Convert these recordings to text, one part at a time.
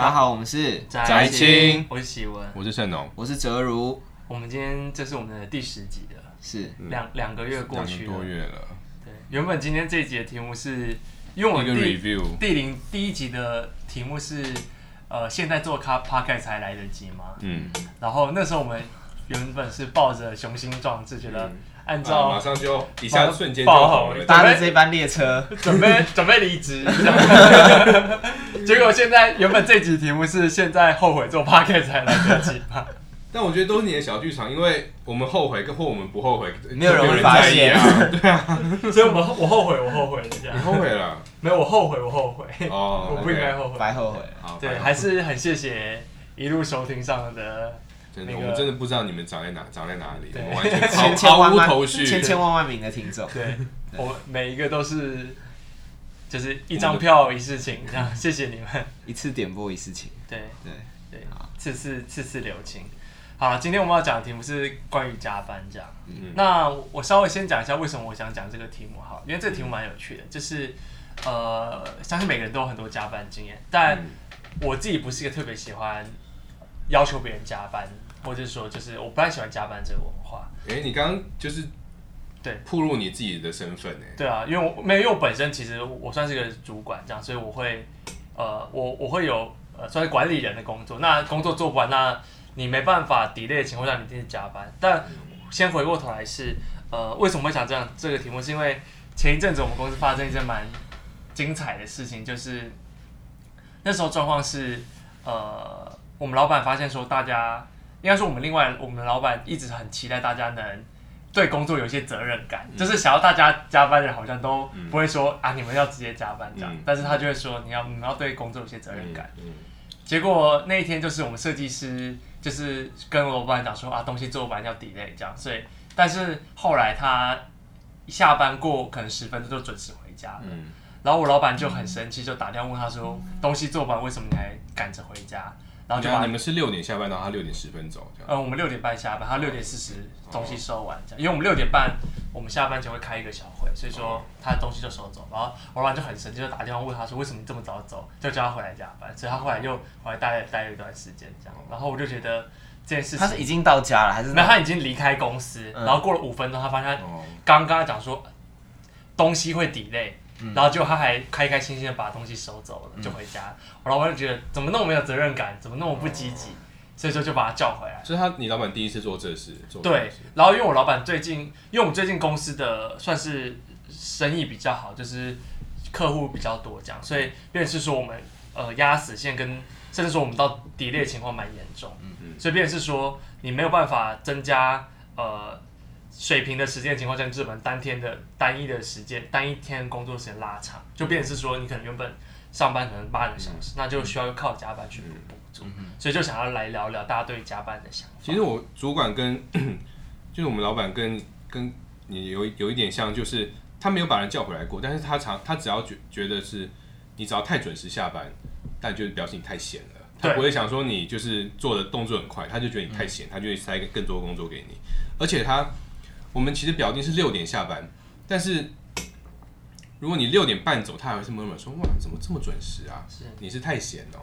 大家、啊、好，我們是宅青清，我是喜文，我是盛農，我是澤如。我們今天這是我們的第十集了，是、嗯、兩兩個月過去，了。了對，原本今天這一集的題目是，因為我第零第一集的題目是，呃，現在做咖 podcast 才來得及嘛。嗯，然後那時候我們原本是抱着雄心壯志，覺得。嗯按照馬上就底下瞬間爆紅。搭了，這班列車準備準備離職，結果現在原本這集題目是現在後悔做 Podcast 才來得及嘛？但我覺得都是你的小劇場，因為我們後悔跟或我們不後悔，沒有人會發現，對啊，所以我們我後悔我後悔，你後悔了？沒有我後悔我後悔，我不應該後悔，白後悔，對，還是很謝謝一路收聽上的。我們真的不知道你們長在哪、長在哪裡，完全毫無頭緒，千千萬萬名的聽眾，對，我每一個都是，就是一張票一次請，這樣，謝謝你們一次點播一次請。對對對，次次次次留情。好，今天我們要講的題目是關於加班這樣。那我稍微先講一下為什麼我想講這個題目哈，因為這個題目蠻有趣的，就是呃，相信每個人都有很多加班經驗，但我自己不是一個特別喜歡要求別人加班。或者說，就是我不太喜歡加班這個文化。哎，你剛剛就是對曝露你自己的身份呢？對啊，因為我沒有，因為我本身其實我算是一個主管這樣，所以我會呃，我我會有呃算是管理人的工作。那工作做不完，那你沒辦法 delay 的情況下，你一定是加班。但先回過頭來是呃，為什麼會想這樣這個題目？是因為前一陣子我們公司發生一件蠻精彩的事情，就是那時候狀況是呃，我們老闆發現說大家。應該說我們另外，我們的老闆一直很期待大家能對工作有一些責任感，嗯、就是想要大家加班的人好像都不會說、嗯、啊，你們要直接加班這樣，嗯、但是他就會說你要你要、嗯、對工作有一些責任感。嗯嗯、結果那一天就是我們設計師就是跟我老闆講說啊，東西做不完要 delay 這樣，所以但是後來他下班過可能十分鐘就準時回家了，嗯、然後我老闆就很生氣，就打電話問他說、嗯、東西做不完為什麼你還趕着回家？然後就你們是六點下班，到他六點十分走，這樣。嗯、我們六點半下班，他六點四十、哦、東西收完，因為我們六點半我們下班前會開一個小會，所以說他的東西就收走。哦、耶然後我老板就很生氣，就打電話問他說：“為什麼你這麼早走？就叫他回來加班。”所以他後來又回來待了、嗯、待了待了一段時間，這樣。哦、然後我就覺得這件事，40, 他是已經到家了還是？沒，他已經離開公司，然後過了五分鐘，他發現剛剛講說東西會 delay 然後就他還開開心心的把東西收走了，就回家。嗯、我老闆就覺得怎麼那麼沒有責任感，怎麼那麼不積極，哦、所以說就，就把他叫回來。所以他，你老闆第一次做這事？這事對。然後因為我老闆最近，因為我們最近公司的算是生意比較好，就是客戶比較多這樣，所以變成是說我們呃壓死線跟，跟甚至說我們到 delay 的情況蠻嚴重，嗯嗯。所以變成是說你沒有辦法增加呃。水平的實踐情況下，日本當天的單一的時間、單一天工作時間拉長，就變成是說，你可能原本上班可能八個小時，嗯、那就需要靠加班去補，嗯嗯、所以就想要來聊聊大家對加班的想法。其實我主管跟咳咳就是我們老闆跟跟你有有一點像，就是他沒有把人叫回來過，但是他常他只要覺覺得是你只要太準時下班，但就表示你太閒了。對他不會想說你就是做的動作很快，他就覺得你太閒，嗯、他就會塞更多工作給你，而且他。我們其實表定是六點下班，但是如果你六點半走，他還是 murmur 說，哇，怎麼這麼準時啊？是的，你是太閒哦，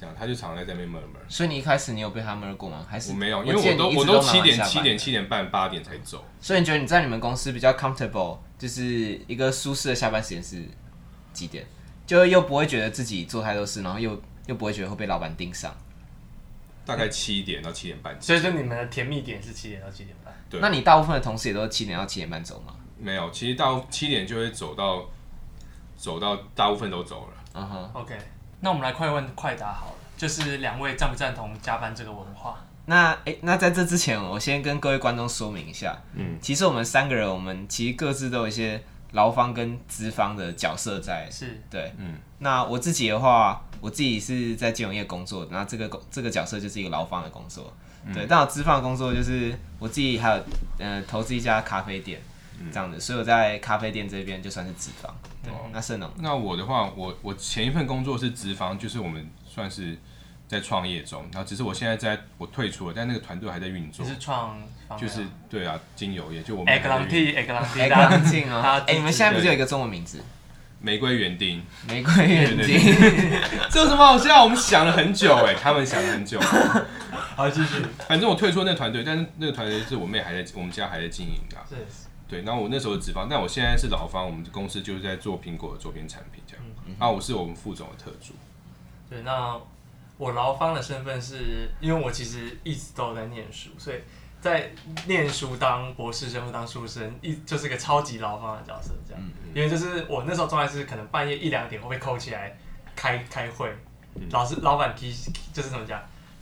這樣，他就常常在這邊 murmur。所以你一開始你有被他 murmur 過嗎？還是我沒有，因為我都滿滿我都七點七點七點半八點才走。所以你覺得你在你們公司比較 comfortable，就是一個舒適的下班時間是幾點？就又不會覺得自己做太多事，然後又又不會覺得會被老板盯上。大概七點到七點半。所以說你們的甜蜜點是七點到七點半。對，那你大部分的同事也都是七點到七點半走嗎？沒有，其實到七點就會走到，走到大部分都走了。嗯哼，OK，那我們來快問快答好了，就是兩位贊不贊同加班這個文化？那欸，那在這之前，我先跟各位觀眾說明一下，嗯，其實我們三個人，我們其實各自都有一些勞方跟資方的角色在，是對，嗯，那我自己的話，我自己是在金融業工作，那這個工這個角色就是一個勞方的工作。對，但我資方工作就是我自己還有呃投資一家咖啡店、嗯、這樣子，所以我在咖啡店這邊就算是資方。對，哦、那盛隆。那我的話，我我前一份工作是資方，就是我們算是在創業中，然後只是我現在在我退出了，但那個團隊還在運作。是創？就是對啊，精油業就我們。e c a T e c a T e c a T 啊！哎、喔 欸，你們現在不就有一個中文名字？玫瑰園丁，玫瑰園丁，這有什麼？我現在我們想了很久、欸，哎， 他們想了很久。 好，繼續。反正我退出那個團隊，但是那個團隊是我妹還在，我們家還在經營的、啊。對， 對。然後我那時候的資方，但我現在是勞方。我們公司就是在做蘋果的周邊產品這樣。那、嗯哼啊、我是我們副總的特助。對，那我勞方的身份是因為我其實一直都在念書，所以。在念書當博士生或當書生，一就是個超級勞方的角色，這樣。嗯、因為就是我那時候狀態是，可能半夜一兩點會被扣起來開開會，嗯、老師老闆提就是怎麼講，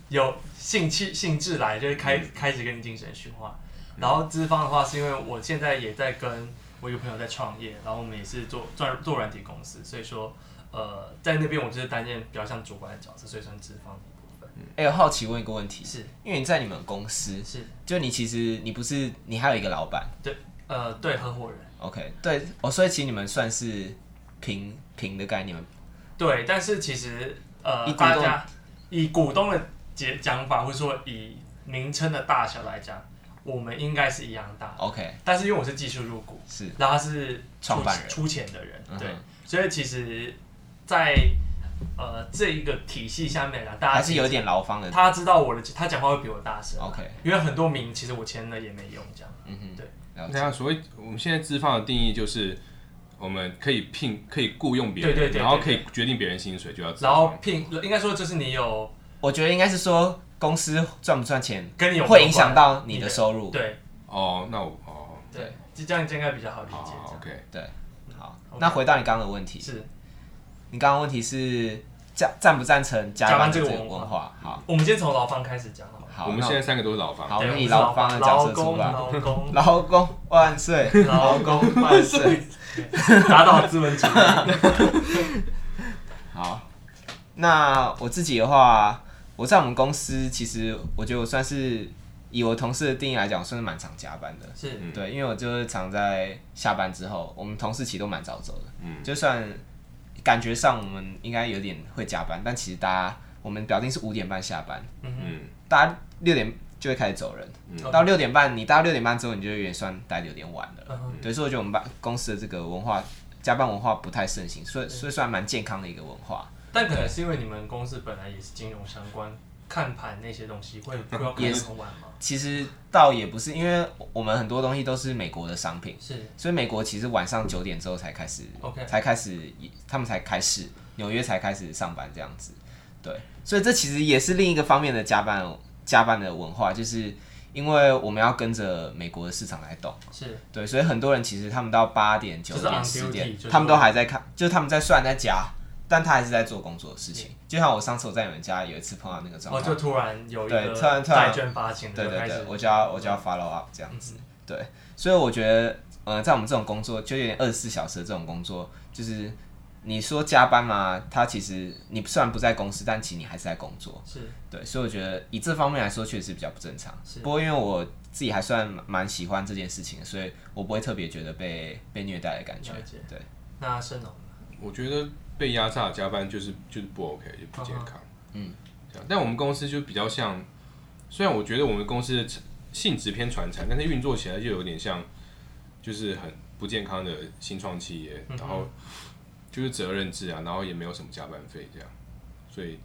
有興趣興致來就會、是、開、嗯、開始跟你精神訓話。嗯、然後資方的話，是因為我現在也在跟我有朋友在創業，然後我們也是做做做軟體公司，所以說呃在那邊我就是擔任比較像主管的角色，所以算資方。哎，欸、我好奇問一個問題，是因為你在你們公司是？就你其實你不是，你還有一個老闆對，呃，對合夥人。OK，對，所以其實你們算是平平的概念嗎？對，但是其實呃，以大家以股東的講講法，或者說以名稱的大小來講，我們應該是一樣大的。OK，但是因為我是技術入股，是，然後是創辦人出錢的人，對，嗯、哼所以其實，在呃，這一個體系下面呢，大家還是有點勞方的。他知道我的，他講話會比我大聲。OK，因為很多名其實我簽了也沒用，這樣。嗯哼，對。然後所以我們現在資方的定義就是，我們可以聘，可以雇傭別人，對對對，然後可以決定別人薪水，就要然後聘，應該說就是你有，我覺得應該是說公司賺不賺錢跟你會影響到你的收入。對。哦，那我哦，對，就這樣應該比較好理解。OK，對，好，那回到你剛剛的問題是。你剛剛問題是贊、贊不贊成加班這個文化？好，我們先從勞方開始講好好，我們現在三個都是勞方。好，以勞方的角色出發。勞工、勞工萬歲！勞工萬歲！打倒資本主義！好，那我自己的話，我在我們公司，其實我覺得我算是，以我同事的定義來講，算是蠻常加班的。對，因為我就是常在下班之後，我們同事其實都蠻早走的。嗯，就算。感覺上我們應該有點會加班，但其實大家，我們表定是五點半下班，嗯哼嗯，大家六點就會開始走人，嗯、到六點半，你到六點半之後，你就有點算待得有點晚了。嗯、所以說，我覺得我們班公司的這個文化、加班文化不太盛行，所以所以算蠻健康的一個文化。嗯、對但可能是因為你們公司本來也是金融相關，看盤那些東西會不用看很晚嗎？嗯，其實倒也不是，因為我們很多東西都是美國的商品，是的，所以美國其實晚上九點之後才開始 Okay，才開始，他們才開始，紐約才開始上班這樣子，對，所以這其實也是另一個方面的加班，加班的文化，就是因為我們要跟着美國的市場來動，是的，對，所以很多人其實他們到八點、九點、十點，就是、他們都還在看，就是他們在算，在加。但他還是在做工作的事情，嗯、就像我上次我在你們家有一次碰到那個狀況，我、哦、就突然有一個債對然券發行的，對，對對對，我就要我就要 follow up 這樣子，嗯、哼對，所以我覺得，呃，在我們這種工作，就有點二十四小時的這種工作，就是你說加班嘛、啊，他其實你雖然不在公司，但其實你還是在工作，是對，所以我覺得以這方面來說，確實比較不正常。是不過因為我自己還算蠻喜歡這件事情，所以我不會特別覺得被被虐待的感覺。解對，那盛隆，我覺得。被壓榨加班就是就是不 OK，就不健康。啊、嗯，這樣，但我們公司就比較像，雖然我覺得我們公司的性質偏傳產，但是運作起來就有點像，就是很不健康的新創企業，嗯、哼然後就是責任制啊，然後也沒有什麼加班費這樣，所以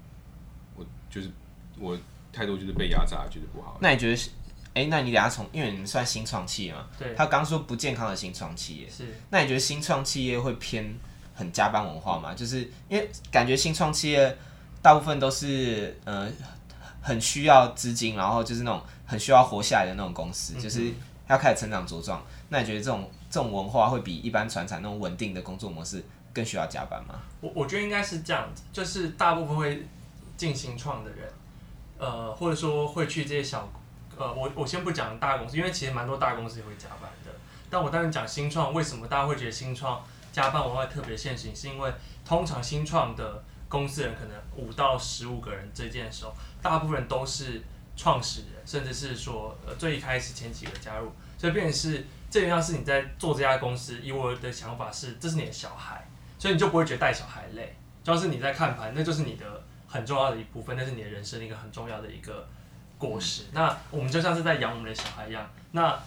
我就是我態度就是被壓榨，覺得不好。那你覺得哎、欸，那你等下從，因為你們算新創企業嘛，對。他剛說不健康的新創企業是，那你覺得新創企業會偏？很加班文化嘛，就是因為感覺新創企業大部分都是嗯、呃，很需要資金，然後就是那種很需要活下來的那種公司，嗯、哼就是要開始成長茁壯。那你覺得這種這種文化會比一般傳產那種穩定的工作模式更需要加班嗎？我我覺得應該是這樣子，就是大部分會進新創的人，呃，或者說會去這些小呃，我我先不講大公司，因為其實蠻多大公司也會加班的。但我當時講新創為什麼大家會覺得新創？加班文化特別盛行，是因為通常新創的公司人可能五到十五個人這件時候，大部分人都是創始人，甚至是說呃最一開始前幾個加入，所以變成是，這樣要是你在做這家公司。以我的想法是，這是你的小孩，所以你就不會覺得帶小孩累，主要是你在看盤，那就是你的很重要的一部分，那是你的人生的一個很重要的一個果實。那我們就像是在養我們的小孩一樣，那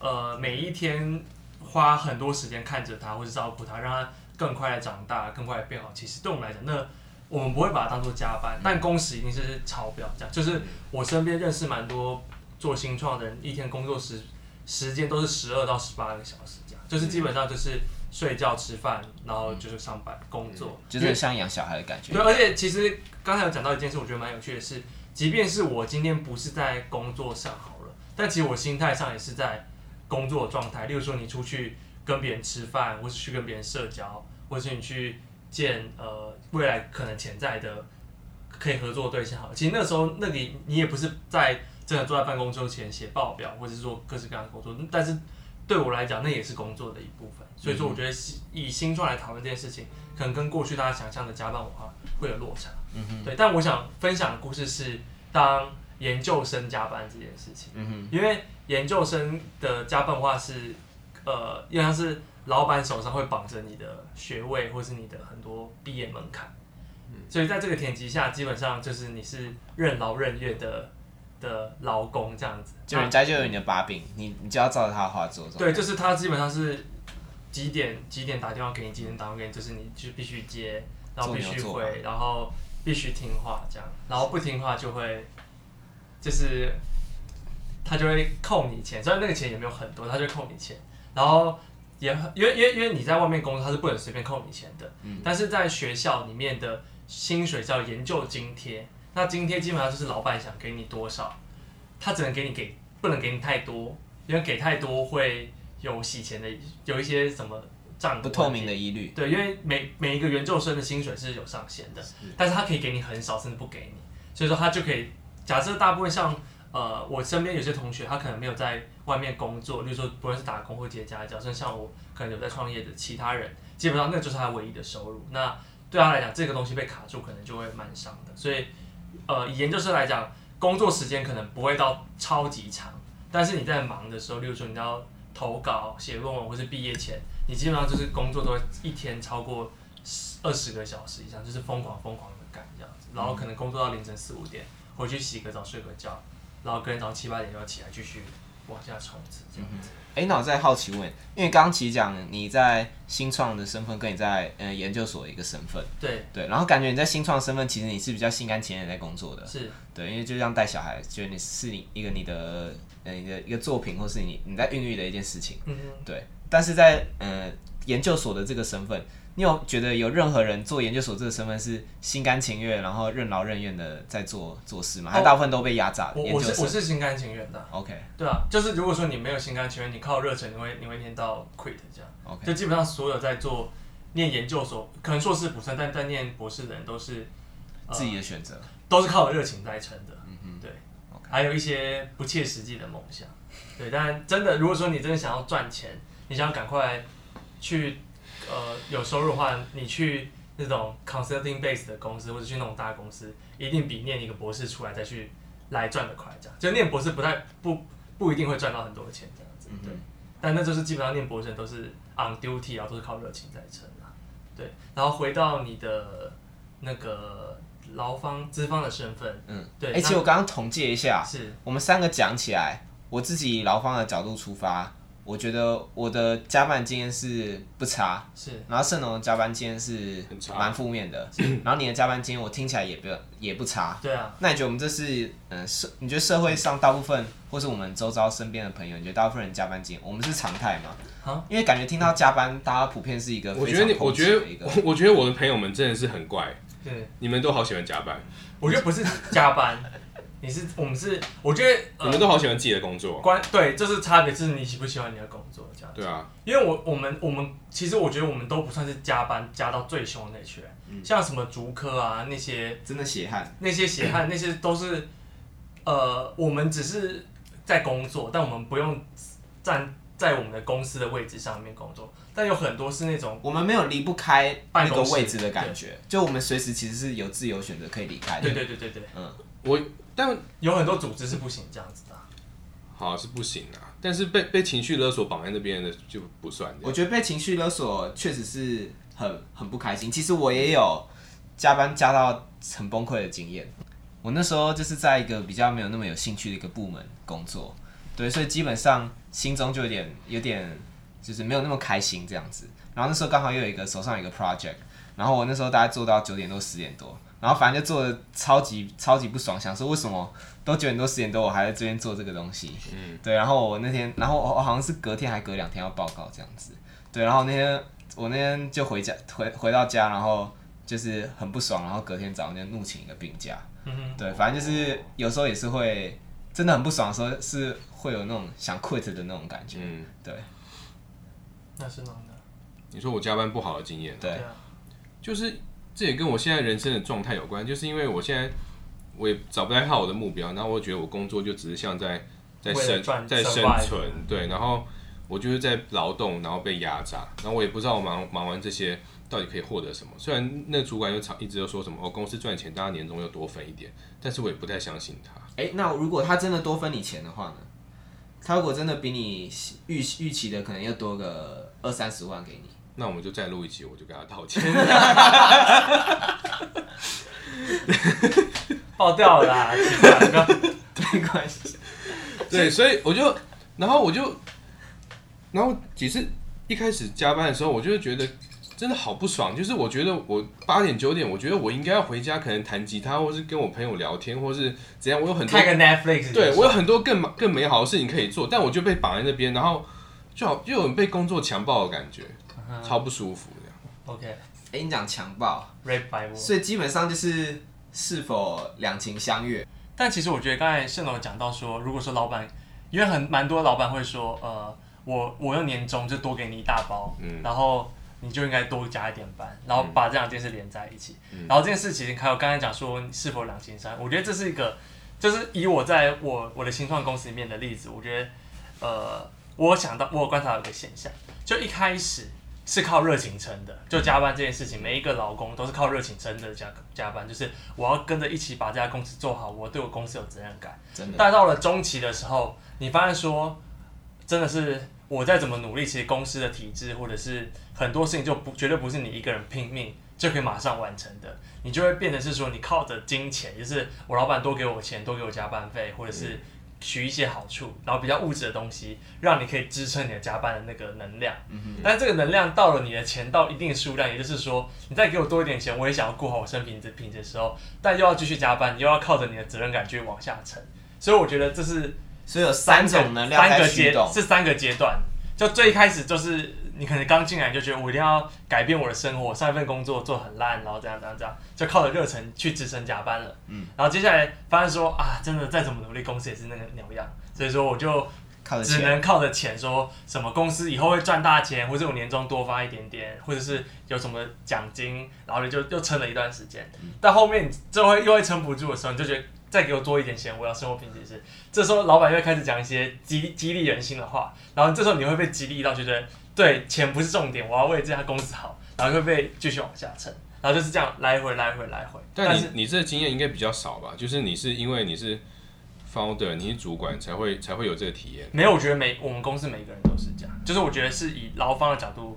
呃每一天。花很多時間看着他或者照顧他，讓他更快的長大，更快的變好。其實對我們來講，那我們不會把它當做加班，但工時一定是超標這樣，嗯、就是我身邊認識蠻多做新創的人，一天工作時時間都是十二到十八個小時，這樣就是基本上就是睡覺、吃飯，然後就是上班工作，嗯嗯、就是像養小孩的感覺。對，而且其實剛才有講到一件事，我覺得蠻有趣的是，即便是我今天不是在工作上好了，但其實我心態上也是在。工作狀態，例如說你出去跟別人吃飯，或是去跟別人社交，或是你去見呃未來可能潛在的可以合作的對象。其實那時候，那你你也不是在真的坐在辦公桌前寫報表，或者是做各式各樣的工作。但是對我來講，那也是工作的一部分。所以說，我覺得以新創來討論這件事情，可能跟過去大家想象的加班文化會有落差。嗯哼對，但我想分享的故事是當研究生加班這件事情。嗯哼因為。研究生的加班的話是，呃，因為他是老闆手上會綁着你的學位，或者是你的很多畢業門檻，嗯、所以在這個前提下，基本上就是你是任勞任怨的的勞工這樣子，就人家就有你的把柄，嗯、你你就要照他的話做。對，就是他基本上是幾點幾點打電話給你，幾點打電話給你，就是你就必須接，然後必須回，坐坐然後必須聽話這樣，然後不聽話就會就是。他就會扣你錢，雖然那個錢也沒有很多，他就扣你錢，然後也很因為因為因為你在外面工作，他是不能隨便扣你錢的。嗯。但是在學校裡面的薪水叫研究津貼，那津貼基本上就是老板想給你多少，他只能給你給，不能給你太多，因為給太多會有洗錢的有一些什麼賬不,不透明的疑慮。對，因為每每一個研究生的薪水是有上限的，是。但是他可以給你很少，甚至不給你，所以說他就可以假設大部分像。呃，我身邊有些同學，他可能沒有在外面工作，例如說不論是打工或接家教，甚至像我可能有在創業的其他人，基本上那個就是他唯一的收入。那對他來講，這個東西被卡住，可能就會蠻傷的。所以，呃，研究生來講，工作時間可能不會到超級長，但是你在忙的時候，例如說你要投稿、寫論文或是畢業前，你基本上就是工作都會一天超過二十個小時以上，就是瘋狂瘋狂的幹這樣子，然後可能工作到凌晨四五點，回去洗個澡、睡個覺。然後隔天早上七八點就要起來，繼續往下衝這樣子。哎、嗯，那我再好奇問，因為剛剛其實講你在新創的身份，跟你在、呃、研究所的一個身份，對對，然後感覺你在新創的身份，其實你是比較心甘情願在工作的，是對，因為就像帶小孩，就是你是你一個你的、呃、一個一個作品，或是你你在孕育的一件事情，嗯、哼對。但是在、呃、研究所的這個身份。你有覺得有任何人做研究所這個身份是心甘情願，然後任勞任怨的在做做事嗎？Oh, 還大部分都被壓榨。我，我是我是心甘情願的啊。OK。對啊，就是如果說你沒有心甘情願，你靠熱忱，你會你會念到 quit 這樣。OK。就基本上所有在做念研究所，可能碩士不算，但念博士的人都是自己的選擇、呃，都是靠熱情在撐的。嗯嗯哼，對。Okay. 還有一些不切實際的夢想。對，但真的，如果說你真的想要賺錢，你想要趕快去。呃，有收入的話，你去那種 consulting base 的公司，或者去那種大公司，一定比念一個博士出來再去來賺的快。這樣，就念博士不太不不一定會賺到很多的錢這樣子。對。嗯、哼但那就是基本上念博士都是 on duty 啊，都是靠熱情在撐啊。對。然後回到你的那個勞方資方的身份。嗯。對。而且、欸、我剛剛統計一下，是我們三個講起來，我自己勞方的角度出發。我覺得我的加班經驗是不差，是。然後盛龍的加班經驗是蠻負面的。差是然後你的加班經驗我聽起來也不也不差。對啊。那你覺得我們這是嗯社？你覺得社會上大部分，嗯、或是我們周遭身邊的朋友，你覺得大部分人加班經驗，我們是常態嗎？哈因為感覺聽到加班，嗯、大家普遍是一個，非常的一個。我覺得你，我覺得，我覺得我的朋友們真的是很怪。對。你們都好喜歡加班？我覺得不是加班。 你是我們是，我覺得我、呃、們都好喜歡自己的工作。關對，這、就是差別，是你喜不喜歡你的工作這樣。對啊，因為我我們我們其實我覺得我們都不算是加班加到最凶那群。嗯、像什麼竹科啊那些真的血汗，那些血汗、嗯、那些都是呃，我們只是在工作，但我們不用站在我們的公司的位置上面工作。但有很多是那種我們沒有離不開辦公位置的感覺，就我們隨時其實是有自由選擇可以離開的。對對對對對，嗯，我。但有很多組織是不行這樣子的啊。好，是不行啊。但是被被情緒勒索綁在那邊的就不算。我覺得被情緒勒索確實是很很不開心。其實我也有加班加到很崩潰的經驗。我那時候就是在一個比較沒有那麼有興趣的一個部門工作，對，所以基本上心中就有點有點就是沒有那麼開心這樣子。然後那時候剛好又有一個手上有一個 project，然後我那時候大概做到九點多，十點多。然後反正就做的超級超級不爽，想說為什麼都九點多、十點多，我還在這邊做這個東西，嗯，對。然後我那天，然後我好像是隔天還隔兩天要報告這樣子，對。然後那天我那天就回家回回到家，然後就是很不爽，然後隔天早上就怒請一個病假，嗯哼，對。反正就是有時候也是會真的很不爽的時候，是會有那種想 quit 的那種感覺，嗯，對。那是哪的？你說我加班不好的經驗，對，對啊，就是。這也跟我現在人生的狀態有關，就是因為我現在我也找不太到我的目標，然後我覺得我工作就只是像在在生在生存，對，然後我就是在勞動，然後被壓榨，然後我也不知道我忙忙完這些到底可以獲得什麼。雖然那主管又常一直又說什麼，哦，公司賺錢，大家年終要多分一點，但是我也不太相信他。哎，那如果他真的多分你錢的話呢？他如果真的比你預預期的可能要多個二三十萬給你？那我們就再錄一集，我就跟他道歉。 爆掉了啦，這個沒關係。對，所以我就，然後我就，然後幾次一開始加班的時候，我就會覺得真的好不爽。就是我覺得我八點九點，9點我覺得我應該要回家，可能彈吉他，或是跟我朋友聊天，或是怎樣。我有很多看個 Netflix，對很爽我有很多更更美好的事情可以做，但我就被綁在那邊，然後就好又有被工作強暴的感覺。超不舒服這樣。OK，、欸、你講強暴，Right by 所以基本上就是是否兩情相悅。但其實我覺得剛才盛總講到說，如果說老板，因為很蠻多老板會說，呃，我我用年終就多給你一大包，嗯、然後你就應該多加一點班，然後把這兩件事連在一起。嗯、然後這件事情還有剛才講說是否兩情相悅，嗯、我覺得這是一個，就是以我在我我的新創公司裡面的例子，我覺得，呃，我想到我觀察到一個現象，就一開始。是靠熱情撐的，就加班這件事情，嗯、每一個勞工都是靠熱情撐的加加班，就是我要跟着一起把這家公司做好，我對我公司有責任感。真的，但到了中期的時候，你發現說，真的是我再怎麼努力，其實公司的體制或者是很多事情就不絕對不是你一個人拼命就可以馬上完成的，你就會變得是說，你靠着金錢，就是我老板多給我錢，多給我加班費，或者是、嗯。取一些好處，然後比較物質的東西，讓你可以支撐你的加班的那個能量。嗯哼。但這個能量到了你的錢到一定的數量，也就是說，你再給我多一點錢，我也想要過好我生平品質的時候，但又要繼續加班，又要靠着你的責任感去往下沉。所以我覺得這是，所以有三種能量，三個，三個階，這三個階段，就最開始就是。你可能剛進來就覺得我一定要改變我的生活，上一份工作做很爛，然後這樣這樣這樣，就靠着熱忱去支撐加班了。嗯，然後接下來發現說啊，真的再怎麼努力，公司也是那個鳥樣，所以說我就只能靠着錢說，說什麼公司以後會賺大錢，或者我年終多發一點點，或者是有什麼獎金，然後你就又撐了一段時間。到、嗯、後面你就會又會撐不住的時候，你就覺得。再給我多一點錢，我要生活品質是。這時候老闆又會開始講一些激激勵人心的話，然後這時候你會被激勵到，覺得，對，錢不是重點，我要為這家公司好，然後會被繼續往下撐，然後就是這樣來回來回來回。來回來回對但是你，你這個經驗應該比較少吧？就是你是因為你是 founder，你，你是主管才會才會有這個體驗。嗯、沒有，我覺得每我們公司每一個人都是這樣，就是我覺得是以勞方的角度，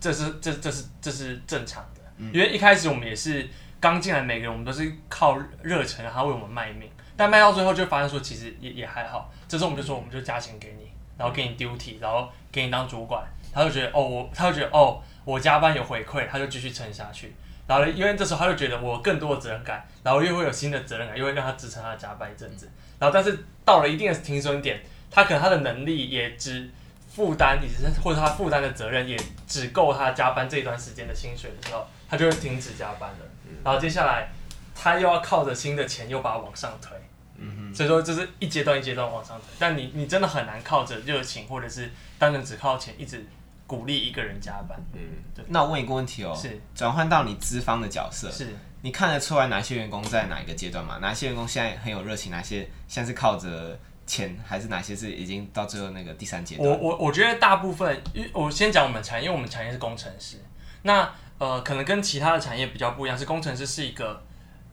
這是這這是這是，這是正常的，因為一開始我們也是。剛進來每個人我們都是靠熱忱，他為我們賣命，但賣到最後就發現說其實也也還好。這時候我們就說我們就加錢給你，然後給你 duty，然後給你當主管，他就覺得哦我，他就覺得哦我加班有回饋，他就繼續撐下去。然後因為這時候他就覺得我有更多的責任感，然後又會有新的責任感，又會讓他支撐他的加班一陣子。然後但是到了一定的停損點，他可能他的能力也只負擔，或者是或者他負擔的責任也只夠他加班這段時間的薪水的時候，他就會停止加班了。然後接下來，他又要靠着新的錢又把它往上推，嗯哼，所以說就是一階段一階段往上推。但你你真的很難靠着熱情，或者是單純只靠錢一直鼓勵一個人加班，嗯，對那我問一個問題哦，是轉換到你資方的角色，是你看得出來哪些員工在哪一個階段嗎？哪些員工現在很有熱情，哪些像是靠着錢，還是哪些是已經到最後那個第三階段？我我我覺得大部分，因為我先講我們產，因為我們產業是工程師，那。呃，可能跟其他的產業比較不一樣，是工程師是一個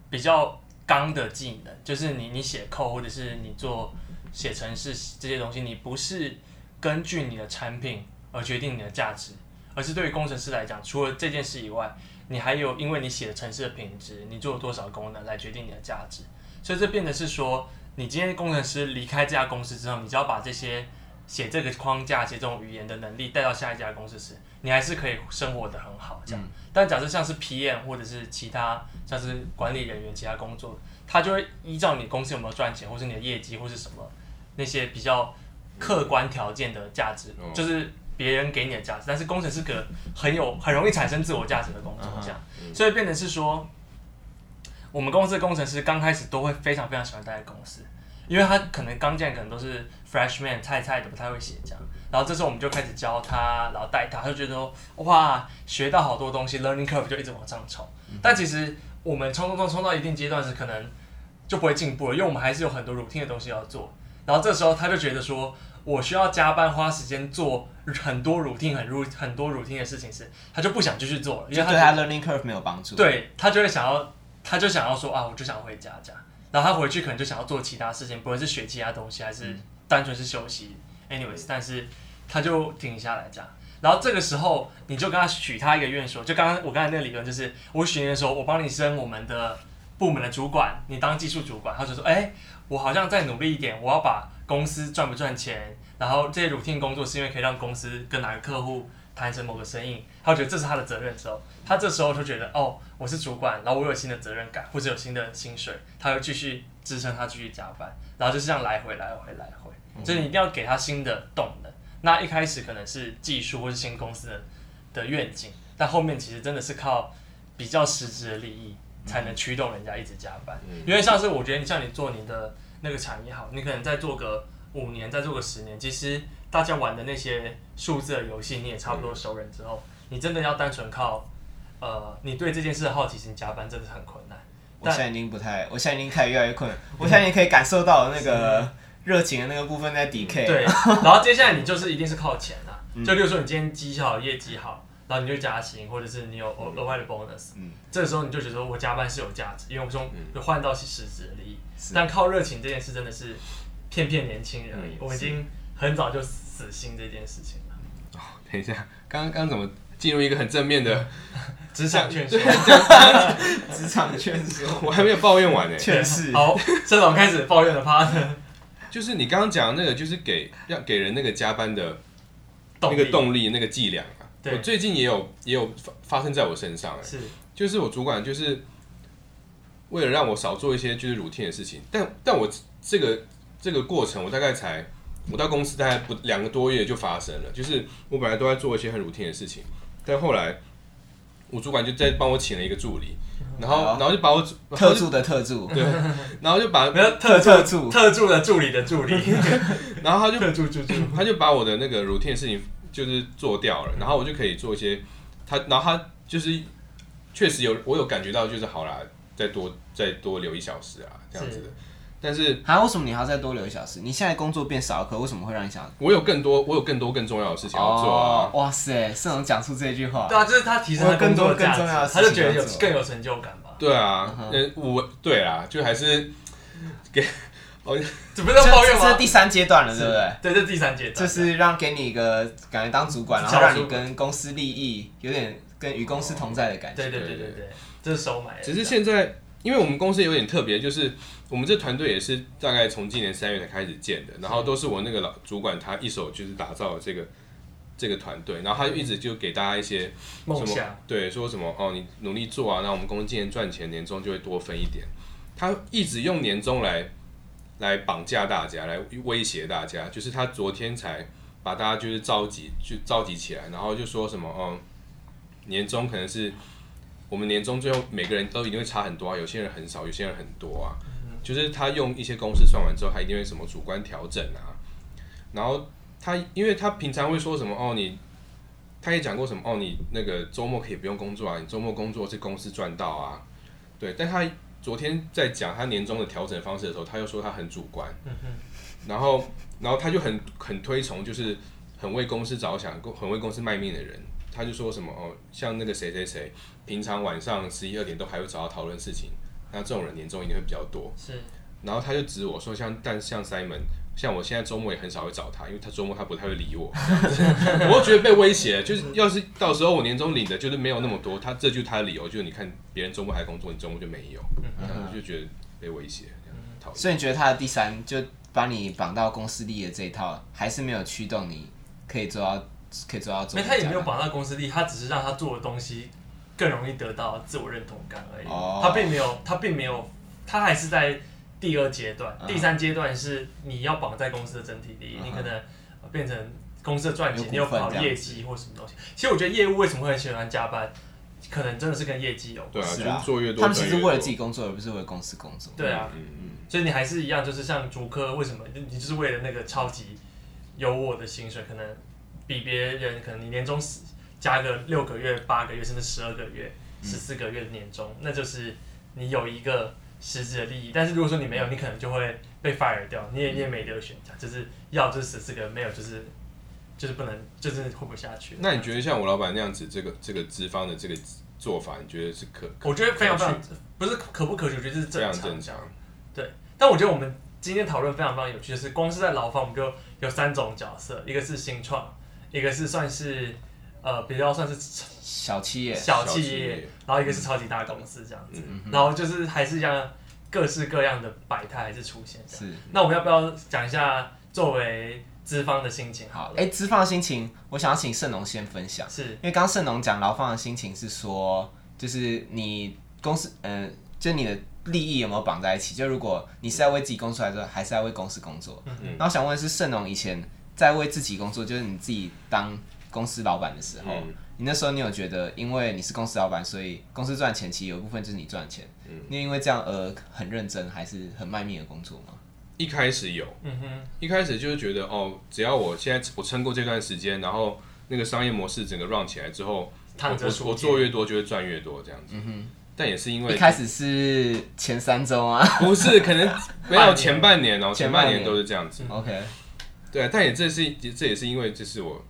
比較剛的技能，就是你你寫扣或者是你做寫程式這些東西，你不是根據你的產品而決定你的價值，而是對於工程師來講，除了這件事以外，你還有因為你寫的程式的品質，你做了多少功能來決定你的價值，所以這變得是說，你今天工程師離開這家公司之後，你只要把這些。寫這個框架，寫這種語言的能力帶到下一家公司時，你還是可以生活得很好這樣。嗯、但假設像是 PM 或者是其他像是管理人員、其他工作，他就會依照你公司有沒有賺錢，或是你的業績或是什麼那些比較客觀條件的價值，嗯、就是別人給你的價值。但是工程師可很有很容易產生自我價值的工作，嗯、這樣，嗯、所以變成是說，我們公司的工程師剛開始都會非常非常喜歡待在公司，因為他可能剛進，可能都是。Freshman 菜菜的不太會寫這樣，然後這時候我們就開始教他，然後帶他，他就覺得哇，學到好多東西，learning curve 就一直往上衝。但其實我們衝衝衝衝到一定階段時，可能就不會進步了，因為我們還是有很多 routine 的東西要做。然後這時候他就覺得說，我需要加班花時間做很多 routine，很 routine，很多 routine 的事情是他就不想繼續做了，因為他，對他就 learning curve 沒有幫助。對他就會想要，他就想要說啊，我就想回家家，然後他回去可能就想要做其他事情，不管是學其他東西還是。嗯單純是休息，anyways，但是他就停下來這樣，然後這個時候你就跟他許他一個願說，就剛剛我剛才那個理論就是，我許願說，我幫你升我們的部門的主管，你當技術主管，他就說，哎、欸，我好像再努力一點，我要把公司賺不賺錢，然後這些 routine 工作是因為可以讓公司跟哪個客戶談成某個生意，他覺得這是他的責任的時候，他這時候就覺得，哦，我是主管，然後我有新的責任感或者有新的薪水，他會繼續支撐他繼續加班，然後就是這樣來回來回來回。所以你一定要給他新的動能。嗯、那一開始可能是技術或是新公司的願景，但後面其實真的是靠比較實質的利益才能驅動人家一直加班。嗯、因為像是我覺得，你像你做你的那個產業好，你可能再做個五年，再做個十年，其實大家玩的那些數字的遊戲，你也差不多熟人之後，嗯、你真的要單純靠呃你對這件事的好奇心加班，真的很困難。我現在已經不太，但我現在已經開始越來越困，我現在也可以感受到那個。熱情的那個部分在抵 k，對，然後接下來你就是一定是靠錢吶，就例如說你今天績效業績好，然後你就加薪，或者是你有額外的 bonus，嗯，這個時候你就覺得我加班是有價值，因為我從換到實質利益，但靠熱情這件事真的是騙騙年輕人而已，我已經很早就死心這件事情了。哦，等一下，剛剛怎麼進入一個很正面的職場勸說？職場勸說，我還沒有抱怨完呢。確實好，這是我們開始抱怨的 part。就是你剛剛講的那個，就是給要給人那個加班的那個動力，動力那個伎倆啊。對我最近也有也有發、發生在我身上哎，欸，是，就是我主管就是為了讓我少做一些就是 routine 的事情，但但我這個這個過程，我大概才我到公司大概不兩個多月就發生了。就是我本來都在做一些很 routine 的事情，但後來我主管就在幫我請了一個助理。然後，然後，然後就把我特助的特助，對， 然後就把那特特助，他特助的助理的助理， 然後他就，助助助他就把我的那個 routine 事情就是做掉了，然後我就可以做一些他，然後他就是確實有我有感覺到就是好啦，再多再多留一小時啊，這樣子的。但是，還有什麼你還要再多留一小時？你現在工作變少，可為什麼會讓你想？我有更多，我有更多更重要的事情要做。哇塞，是長講出這句話，對啊，就是他提升了更多更重要的，他就覺得有更有成就感吧？對啊，呃，我對啊，就還是給，怎備在抱怨嗎？這第三階段了，對不對？對，這第三階段就是讓給你一個感覺當主管，然後讓你跟公司利益有點跟與公司同在的感覺。對對對對對，這是收買。只是現在，因為我們公司有點特別，就是。我們這團隊也是大概從今年三月才開始建的，然後都是我那個老主管他一手就是打造的這個這個團隊，然後他就一直就給大家一些什麼夢想，對，說什麼哦，你努力做啊，那我們公司今年賺錢，年終就會多分一點。他一直用年終來來綁架大家，來威脅大家，就是他昨天才把大家就是召集就召集起來，然後就說什麼哦，年終可能是我們年終最後每個人都一定會差很多啊，有些人很少，有些人很多啊。就是他用一些公式算完之後，他一定會什麼主觀調整啊。然後他因為他平常會說什麼哦，你他也講過什麼哦，你那個周末可以不用工作啊，你周末工作是公司賺到啊，對。但他昨天在講他年終的調整方式的時候，他又說他很主觀。然後，然後他就很很推崇，就是很為公司着想、很為公司賣命的人。他就說什麼哦，像那個誰誰誰，平常晚上十一二點都還會找他討論事情。那這種人年終一定會比較多。是，然後他就指我說像，像但像 Simon，像我現在周末也很少會找他，因為他周末他不太會理我。 我覺得被威脅，就是要是到時候我年終領的，就是沒有那麼多。他這就是他的理由，就是你看別人周末還工作，你周末就沒有，然後我就覺得被威脅。嗯嗯，所以你覺得他的第三，就把你綁到公司利益這一套，還是沒有驅動你可以做到，可以做到。沒，他也沒有綁到公司利益，他只是讓他做的東西。更容易得到自我認同感而已，oh, 他並沒有，他並沒有，他還是在第二階段，嗯、第三階段是你要綁在公司的整體利益，嗯、你可能變成公司的賺錢，你要跑業績或什麼東西。其實我覺得業務為什麼會很喜歡加班，可能真的是跟業績有關。他們其實為了自己工作，而不是為了公司工作。對啊，嗯、所以你還是一樣，就是像主科為什麼你就是為了那個超級有我的薪水，可能比別人可能你年終。加個六個月、八個月，甚至十二個月、十四個月的年終，嗯、那就是你有一個實質的利益。但是如果說你沒有，嗯、你可能就會被 fire 掉，你也、嗯、你也沒得選擇，就是要就是十四個沒有就是就是不能，就是活不下去。那你覺得像我老板那樣子，這個這個資方的這個做法，你覺得是可？我覺得非常非常可取不是可不可取，我覺得是正常，非常正常。對，但我覺得我們今天討論非常非常有趣的是，是光是在勞方，我們就有三種角色：一個是新創，一個是算是。呃，比較算是小、小企業，小企業，企業，然後一個是超級大公司這樣子，嗯、然後就是還是像樣，各式各樣的百態還是出現。是，那我們要不要講一下作為資方的心情好了？好，哎、欸，資方的心情，我想要請盛農先分享。是，因為剛剛盛農講勞方的心情是說，就是你公司，嗯、呃，就你的利益有沒有綁在一起？就如果你是在為自己公司出來的時候，嗯、還是在為公司工作？嗯嗯。然後我想問的是，盛農以前在為自己工作，就是你自己當。公司老板的時候，嗯、你那時候你有覺得，因為你是公司老板，所以公司賺錢，其實有一部分就是你賺錢。嗯、你因為這樣而很認真，還是很賣命的工作嗎？一開始有，嗯哼，一開始就是覺得哦，只要我現在我撐過這段時間，然後那個商業模式整個 run 起來之後，我我做越多就會賺越多這樣子。嗯哼，但也是因為一開始是前三周啊，不是，可能沒有前半年哦，半年，然後前半年都是這樣子。OK，對，但也這是也這也是因為這是我。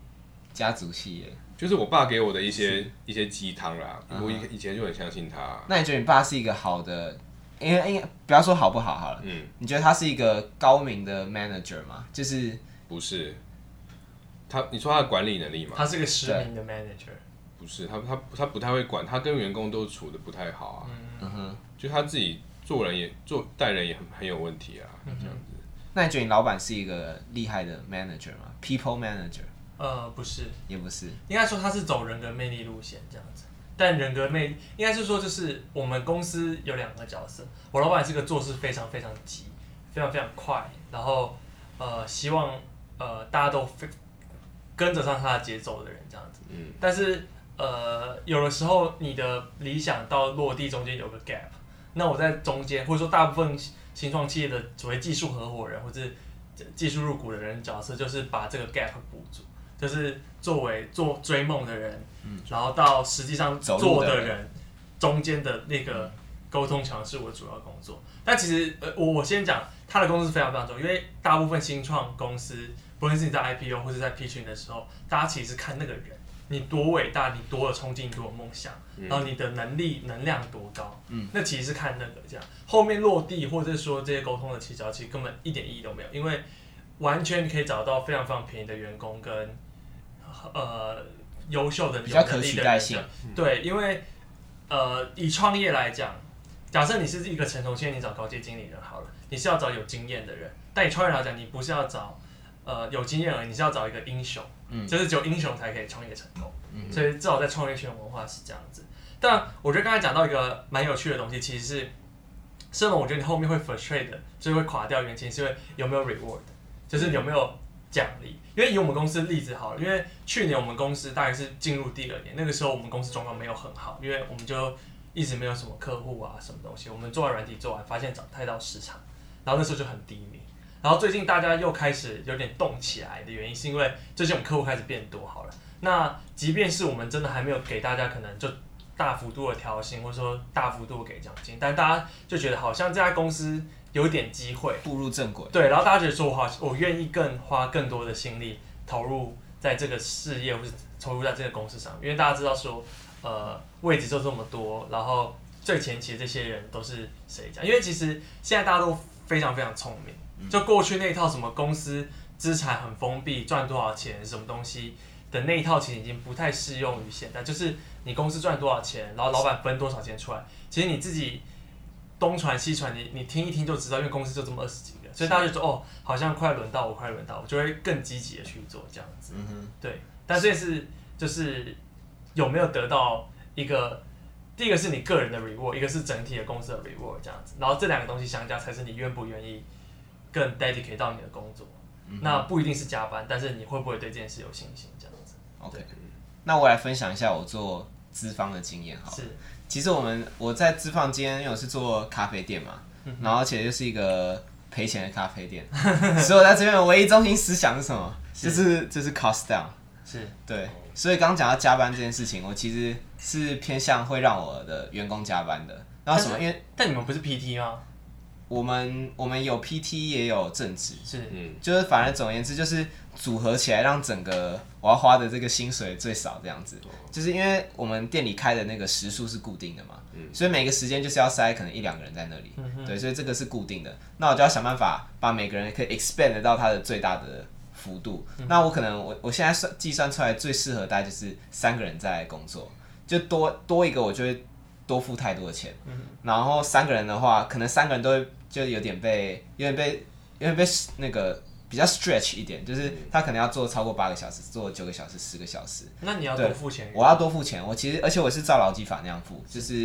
家族企業，就是我爸給我的一些是一些雞湯啦。嗯、哼我以以前就很相信他，啊。那你覺得你爸是一個好的？因為因不要說好不好好了，嗯，你覺得他是一個高明的 manager 嗎？就是不是他？你說他的管理能力嗎？他是個失明的 manager，不是他他他不太會管，他跟員工都處得不太好啊。嗯哼，就他自己做人也做待人也很很有問題啊，嗯、哼這樣子。那你覺得你老闆是一個厲害的 manager 嗎？People manager。呃，不是，也不是，應該說他是走人格魅力路線這樣子，但人格魅力應該是說，就是我們公司有兩個角色，我老板是個做事非常非常急，非常非常快，然後呃，希望呃大家都非跟着上他的節奏的人這樣子。嗯。但是呃，有的時候你的理想到落地中間有個 gap，那我在中間或者說大部分新創企業的所謂技術合夥人或者技術入股的人的角色，就是把這個 gap 補足。就是作為做追夢的人，嗯，然後到實際上做的人的中間的那個溝通牆是我主要工作。嗯、但其實呃我我先講他的工作是非常非常重要，因為大部分新創公司，不論是你在 IPO 或是在 P 群的時候，大家其實看那個人你多偉大，你多有衝勁，多有夢想，嗯、然後你的能力能量多高，嗯，那其實是看那個這樣後面落地或者是說這些溝通的技巧，其實根本一點意義都沒有，因為完全可以找到非常非常便宜的員工跟。呃，優秀的，有能力的比較可取代性，嗯、對，因為呃，以創業來講，假設你是一個成功，現在你找高階經理人好了，你是要找有經驗的人，但以創業來講，你不是要找呃有經驗的人，你是要找一個英雄，嗯，就是只有英雄才可以創業成功，嗯，所以至少在創業圈文化是這樣子。嗯、但我覺得剛才講到一個蠻有趣的東西，其實是，盛我覺得你後面會 further 的，會垮掉原因，所以是因為有沒有 reward，就是有沒有獎勵。嗯嗯因為以我們公司例子好了，因為去年我們公司大概是進入第二年，那個時候我們公司狀況沒有很好，因為我們就一直沒有什麼客戶啊，什麼東西，我們做完軟體做完，發現找太到市場，然後那時候就很低迷，然後最近大家又開始有點動起來的原因，是因為最近我們客戶開始變多好了。那即便是我們真的還沒有給大家可能就大幅度的調薪，或者說大幅度的給獎金，但大家就覺得好像這家公司。有點機會步入正軌，對，然後大家覺得說我，我好，我願意更花更多的心力投入在這個事業，或者投入在這個公司上，因為大家知道說，呃，位置就這麼多，然後最前期的這些人都是誰講？因為其實現在大家都非常非常聰明，就過去那一套什麼公司資產很封閉，賺多少錢什麼東西的那一套其實已經不太適用於現在，就是你公司賺多少錢，然後老闆分多少錢出來，其實你自己。東傳西傳，你你聽一聽就知道，因為公司就這麼二十幾個，所以大家就說的哦，好像快輪到我，快輪到我，就會更積極的去做這樣子。嗯、哼對。但這件的就是有沒有得到一個，第一個是你個人的 reward，一個是整體的公司的 reward 這樣子，然後這兩個東西相加才是你願不願意更 dedicate 到你的工作。嗯、哼那不一定是加班，但是你會不會對這件事有信心？這樣子。OK。對那我來分享一下我做資方的經驗，好。其實我們我在資方間，因為我是做咖啡店嘛，然後而且又是一個賠錢的咖啡店，所以我在這邊唯一中心思想是什麼？就是就是 cost down。是對，所以剛剛講到加班這件事情，我其實是偏向會讓我的員工加班的。然後什麼？因為但，但你們不是 PT 嗎？我們我們有 PT 也有正職。是，就是反而總而言之就是組合起來讓整個我要花的這個薪水最少這樣子，哦、就是因為我們店裡開的那個時數是固定的嘛，嗯、所以每個時間就是要塞可能一兩個人在那裡，嗯、哼對，所以這個是固定的。那我就要想辦法把每個人可以 expand 到他的最大的幅度。嗯、哼那我可能我我現在算計算出來最適合大概就是三個人在工作，就多多一個我就會多付太多的錢，嗯、哼然後三個人的話，可能三個人都會。就有點被有點被有點被那個比較 stretch 一點，就是他可能要做超過八個小時，做九個小時、十個小時。那你要多付錢有沒有？我要多付錢。我其實而且我是照勞基法那樣付，就是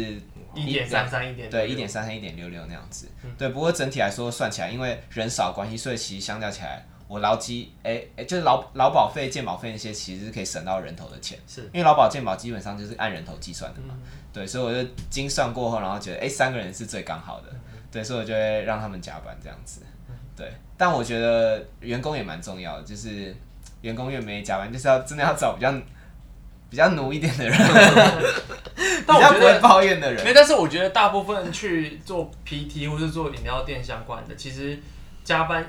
一點三三一點對一點三三一點六六那樣子。嗯、對，不過整體來說算起來，因為人少關係，所以其實相較起來我，我勞基哎哎就是勞勞保費、健保費那些其實是可以省到人頭的錢，是。因為勞保健保基本上就是按人頭計算的嘛，嗯、對，所以我就精算過後，然後覺得哎、欸、三個人是最剛好的。嗯對，所以我就會讓他們加班這樣子。對，但我覺得員工也蠻重要的，就是員工越沒加班，就是要真的要找比較比較奴一點的人，的人但我覺得比較不會抱怨的人。但是我覺得大部分去做 PT 或是做飲料店相關的， 其實加班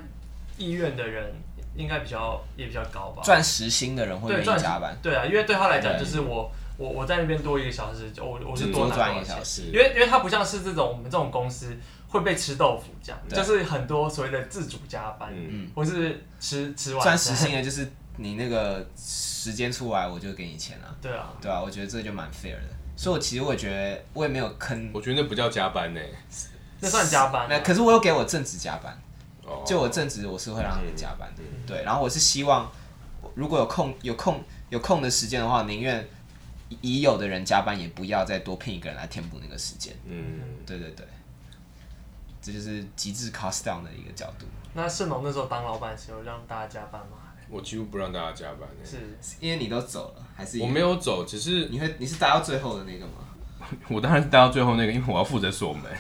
意願的人應該比較也比較高吧？賺時薪的人會沒加班？對，對啊，因為對他來講，就是我、嗯、我我在那邊多一個小時，我我是多賺一個小時。因為因為他不像是這種我們這種公司。會被吃豆腐這樣，對就是很多所謂的自主加班，嗯。或是吃吃完。算時薪的，就是你那個時間出來，我就給你錢了、啊。對啊，對啊，我覺得這就蠻 fair 的。所以，我其實我覺得我也沒有坑。我覺得那不叫加班呢，那算加班、啊。那可是我有給我正職加班，oh, 就我正職我是會讓他們加班。嗯、對，然後我是希望，如果有空有空有空的時間的話，寧願已有的人加班，也不要再多聘一個人來填補那個時間。嗯，對對對。這就是極致 cost down 的一個角度。那盛龍那時候當老板的時候，讓大家加班嗎？我幾乎不讓大家加班。是，是因為你都走了，還是我沒有走？只是你會，你是待到最後的那個嗎？我當然是待到最後那個，因為我要負責鎖門，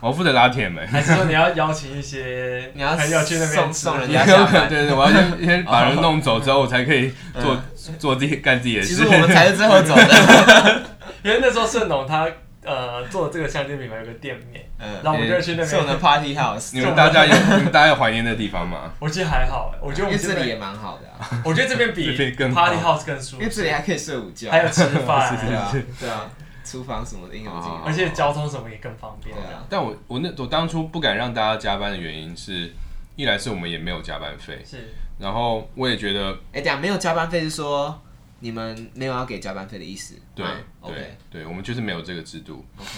我要負責拉鐵門。還是說你要邀請一些，你要要去那邊送 送人家加班？對對，我要先先把人弄走之後， 我才可以做、嗯、做自己幹自己的事。其實我們才是最後走的， 因為那時候盛龍他。呃，做這個相機品牌有個店面，嗯，那我們就去那邊，是我們的 Party House。你們大家有你們大家有懷念的地方嗎？我覺得還好，我覺得我們這裡也蠻好的。我覺得這邊比 Party House 更舒服，因為這裡還可以睡午覺，還有吃飯，對啊，對啊，廚房什麼的應有盡有，而且交通什麼也更方便。但我我那我當初不敢讓大家加班的原因是，一來是我們也沒有加班費，是，然後我也覺得，哎呀，沒有加班費是說。你們沒有要給加班費的意思，對、啊、對 OK 對，我們就是沒有這個制度。OK，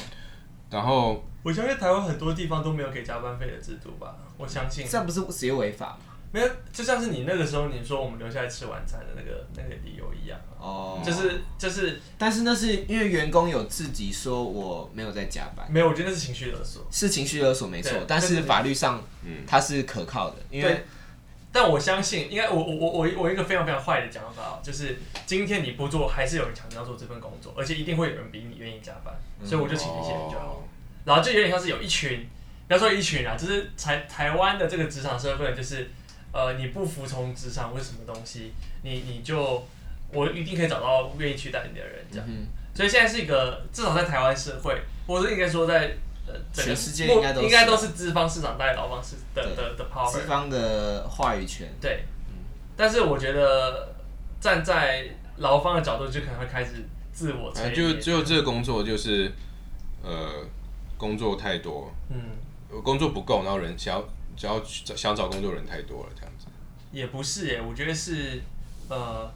然後我相信台灣很多地方都沒有給加班費的制度吧？我相信這樣不是直接違法嗎？沒有、嗯，就像是你那個時候你說我們留下來吃晚餐的那個那個理由一樣、啊、哦、就是，就是就是，但是那是因為員工有自己說我沒有在加班，嗯、沒有，我覺得那是情緒勒索，是情緒勒索沒錯，嗯、但是法律上、嗯、它是可靠的，因為。但我相信，應該我我我我我一個非常非常壞的講法，就是今天你不做，還是有人搶着要做這份工作，而且一定會有人比你願意加班，所以我就請一些人就好了。然後就有點像是有一群，不要說一群啊，就是台台灣的這個職場社會，就是呃，你不服從職場或什麼東西，你你就我一定可以找到願意取代你的人這樣。所以現在是一個至少在台灣社會，或者應該說在。整個世界應該都應該都是資方市場帶勞方式的的的對，the power，資方的話語權。對，嗯、但是我覺得站在勞方的角度，就可能會開始自我、啊。就只有這個工作就是，呃，工作太多，嗯，工作不夠，然後人想要想要去找想找工作的人太多了，這樣子。也不是耶，我覺得是呃，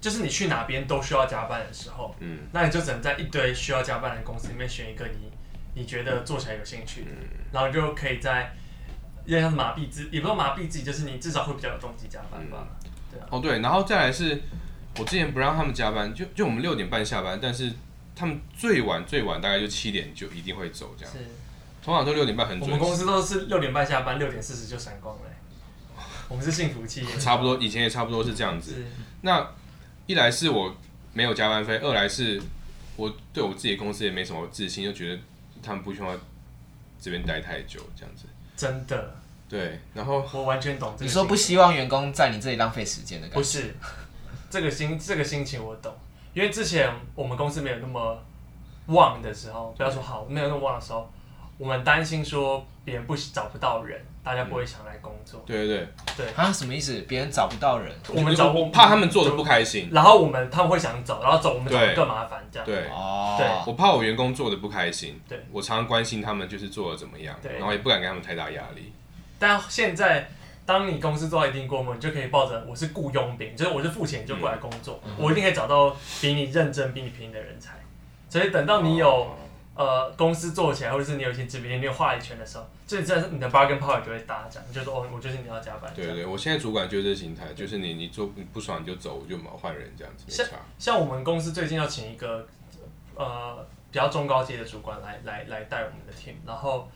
就是你去哪邊都需要加班的時候，嗯，那你就只能在一堆需要加班的公司裡面選一個你。你覺得做起來有興趣，嗯、然後就可以在讓麻痹自，也不說麻痹自己，就是你至少會比較有動機加班吧。對、嗯、樣哦，對，然後再來是我之前不讓他們加班，就就我們六點半下班，但是他們最晚最晚大概就七點就一定會走這樣。是通常都六點半很準。我們公司都是六點半下班，六點四十就閃光了。我們是幸福企業，差不多，以前也差不多是這樣子。是那一來是我沒有加班費，二來是我對我自己公司也沒什麼自信，就覺得。他們不希望要這邊待太久，這樣子。真的。對，然後我完全懂。你說不希望員工在你這裡浪費時間的感覺。不是，這個心，這個心情我懂。因為之前我們公司沒有那麼旺的時候，對不要說好，沒有那麼旺的時候，我們擔心說別人不，找不到人。大家不會想來工作。對、嗯、對對，對啊，什麼意思？別人找不到人，我們找怕他們做的不開心，然後我們他們會想走，然後走我們就更麻煩對這樣。對，哦、對，我怕我員工做的不開心，對我常常關心他們就是做的怎麼樣，對然後也不敢給他們太大壓力。但現在，當你公司做到一定規模，你就可以抱着我是僱傭兵，就是我是付錢就過來工作，嗯、我一定可以找到比你認真、比你拼的人才。所以等到你有、哦。呃，公司做起來，或者是你有一些知名度、你有話語權的時候，這你在你的 bargaining power 就會大這，這你就說、是、哦，我覺得你要加班。對對，我現在主管就是這個形態，嗯、就是你你做你不爽你就走，我就毛換人這樣子。像像我們公司最近要請一個呃比較中高階的主管來來來帶我們的 team，然後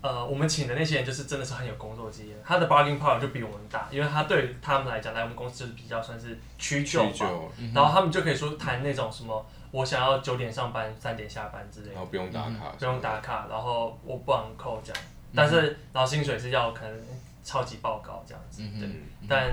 呃我們請的那些人就是真的是很有工作經驗，他的 bargaining power 就比我們大，因為他對他們來講來我們公司比較算是屈就，屈就，然後他們就可以說談那種什麼。我想要九點上班，三點下班之類的。然後不用打卡。嗯、哼不用打卡，對然後我不讓扣這樣，但是，嗯、哼然後薪水是要可能超級爆高這樣子，嗯、哼對。嗯、哼但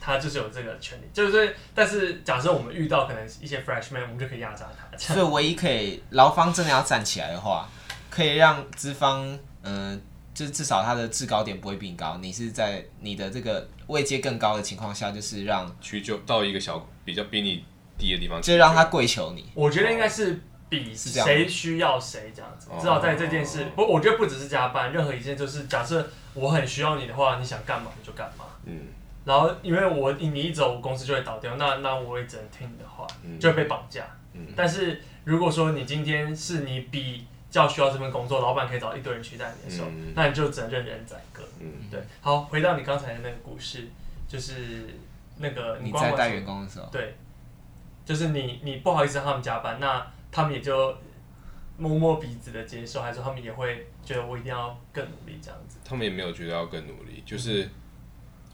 他就是有這個權利，就是但是假設我們遇到可能一些 freshman，我們就可以壓榨他。所以唯一可以勞方真的要站起來的話，可以讓資方，嗯、呃，至少他的制高點不會變高。你是在你的這個位階更高的情況下，就是讓去就到一個小比較比你低的地方，就讓他跪求你。我覺得應該是比誰需要誰這樣子。至少在這件事，不，我覺得不只是加班，任何一件，就是假設我很需要你的話，你想幹嘛你就幹嘛。嗯、然後，因為我你一走，我公司就會倒掉，那那我也只能聽你的話，嗯、就會被綁架。嗯、但是如果說你今天是你比較需要這份工作，老闆可以找一堆人取代你的時候，嗯、那你就只能任人宰割。嗯、對。好，回到你剛才的那個故事，就是那個你，你在帶員工的時候，對。就是你，你不好意思讓他們加班，那他們也就摸摸鼻子的接受，還是他們也會覺得我一定要更努力這樣子？他們也沒有覺得要更努力，就是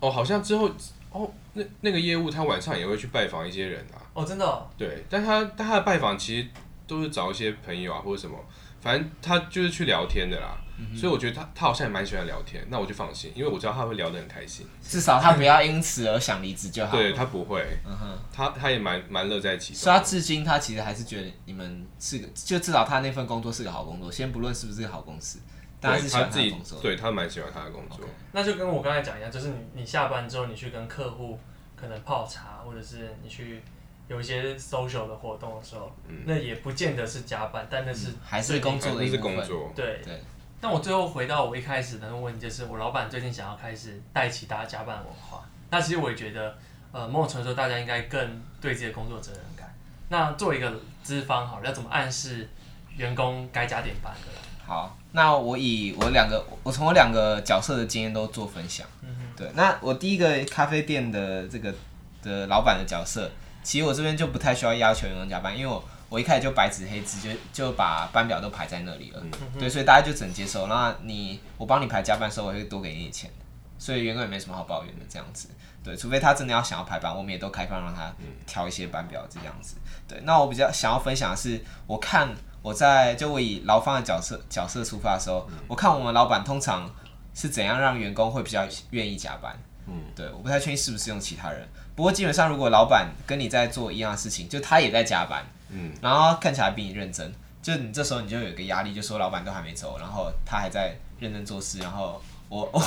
哦，好像之後哦，那那個業務他晚上也會去拜訪一些人啊。哦，真的哦？對，但他但他的拜訪其實都是找一些朋友啊，或者什麼。反正他就是去聊天的啦，嗯、哼所以我覺得他他好像也蠻喜歡聊天，那我就放心，因為我知道他會聊得很開心。至少他不要因此而想離職就好。 對，他不會，嗯、哼他他也蠻蠻樂在其中。所以他至今他其實還是覺得你們是個，就至少他那份工作是個好工作，先不論是不是個好公司。但是他，他自己對他蠻喜歡他的工作。Okay. 那就跟我剛才講一樣，就是你你下班之後，你去跟客戶可能泡茶，或者是你去。有一些 social 的活動的時候，嗯、那也不見得是加班，但那是，嗯、還是工作的，一個工作。對，那對我最後回到我一開始那個問題，就是我老闆最近想要開始帶起大家加班文化。那其實我也覺得，呃，某種程度大家應該更對自己的工作責任感。那作為一個資方好了，好要怎麼暗示員工該加點班的？好，那我以我兩個，我從我兩個角色的經驗都做分享。嗯哼，對，那我第一個咖啡店的這個的老闆的角色，其實我這邊就不太需要要求員工加班，因為我我一開始就白紙黑字就就把班表都排在那裡了，嗯、哼對，所以大家就只能接受。那你我幫你排加班的時候，我會多給你錢，所以員工也沒什麼好抱怨的這樣子。對，除非他真的要想要排班，我們也都開放讓他調一些班表這樣子。對，那我比較想要分享的是，我看我在就我以勞方的角色角色出發的時候，嗯、我看我們老闆通常是怎樣讓員工會比較願意加班。嗯，對，我不太確定是不是用其他人。不過基本上，如果老闆跟你在做一樣的事情，就他也在加班，嗯，然後看起來比你認真，就你這時候你就有一個壓力，就說老闆都還沒走，然後他還在認真做事，然後我我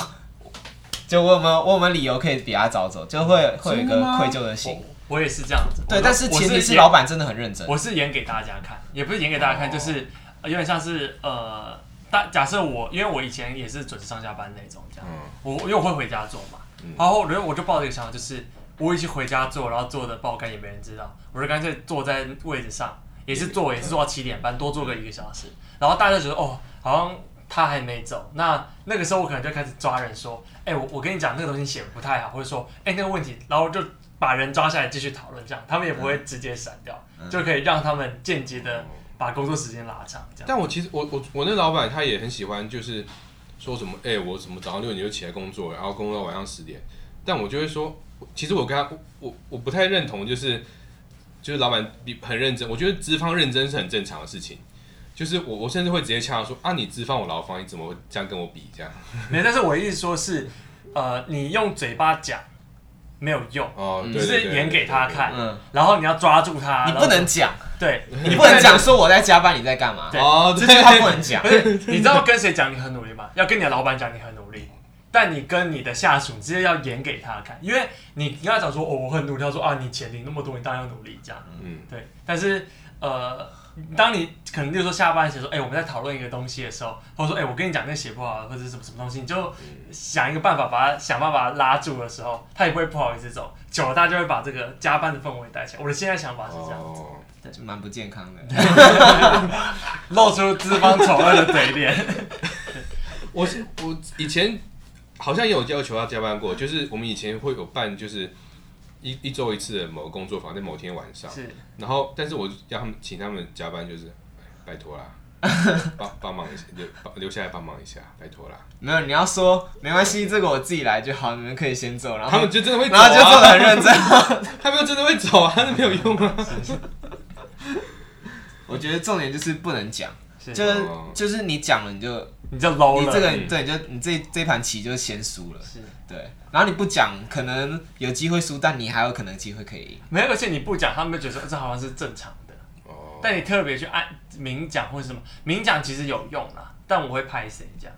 就我有沒有，我有沒有理由可以比他早走，就會會有一個愧疚的心。真的嗎？我，我也是這樣子，對，都但是前提是，是老闆真的很認真。我是演給大家看，也不是演給大家看，就是有點像是、哦、呃，大假設我，因為我以前也是準時上下班那種，這樣，嗯、我因為我會回家做嘛，然後然後我就抱着一個想法，就是。我一起回家做，然後做的爆肝也沒人知道，我就乾脆坐在位置上，也是坐，也是坐到七點半，嗯、多坐個一個小時，嗯、然後大家覺得哦，好像他還沒走，那那個時候我可能就開始抓人說，哎，我我跟你講那個東西寫不太好，或者說，哎，那個問題，然後就把人抓下來繼續討論，這樣他們也不會直接閃掉，嗯嗯、就可以讓他們間接的把工作時間拉長，這樣。但我其實我我我那老板他也很喜歡，就是說什麼，哎，我怎麼早上六點就起來工作，然後工作到晚上十點，但我就會說。其實我跟他，我我不太認同，就是就是老闆比很認真，我覺得資方認真是很正常的事情。就是我我甚至會直接嗆說啊，你資方我勞方，你怎麼會這樣跟我比這樣？沒，但是我意思說是，呃，你用嘴巴講沒有用，哦，就是演給他看，嗯，然後你要抓住他，你不能講，對你不能講說我在加班你在幹嘛，哦，這句話不能講，你知道跟誰講你很努力嗎？要跟你的老闆講你很努力。但你跟你的下屬，直接要演給他看，因為你你要想說，哦，我很努力，他說啊，你錢領那麼多，你當然要努力這樣。嗯，對。但是呃，當你可能就說下班的時候說，誒、欸，我們在討論一個東西的時候，或者說誒、欸，我跟你講那寫、個、不好，或者什麼什麼東西，你就想一個辦法把他想辦法拉住的時候，他也不會不好意思走。久了，他就會把這個加班的氛圍帶起來。我的現在想法是這樣子，哦、但是蠻不健康的， 露出資方醜惡的嘴臉。 我是我以前。好像有要求他加班過，就是我們以前會有辦，就是一一周一次的某個工作坊，在某天晚上。是，然後，但是我叫他們，請他們加班，就是拜托啦，幫幫忙一下，留留下來幫忙一下，拜托啦。沒有，你要說沒關係，這個我自己來就好，你們可以先走。然後他們就真的會走，啊，然後就做得很認真， 他們真的會走，啊，那沒有用啊？是是，我覺得重點就是不能講，是，就是就是你講了你就。你就 low 了你你，這個你就，你這個對，就你這這盤棋就先輸了，是對。然後你不講，可能有機會輸，但你還有可能機會可以贏。沒，沒有，而且你不講，他們就覺得這好像是正常的。哦。Oh. 但你特別去按明講或是什麼明講，名其實有用啦，但我會拍誰這樣？